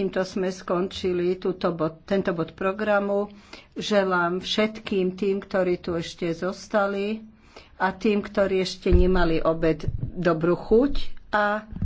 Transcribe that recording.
Týmto sme skončili túto bod, tento bod programu. Želám všetkým tým, ktorí tu ešte zostali a tým, ktorí ešte nemali obed, dobrú chuť a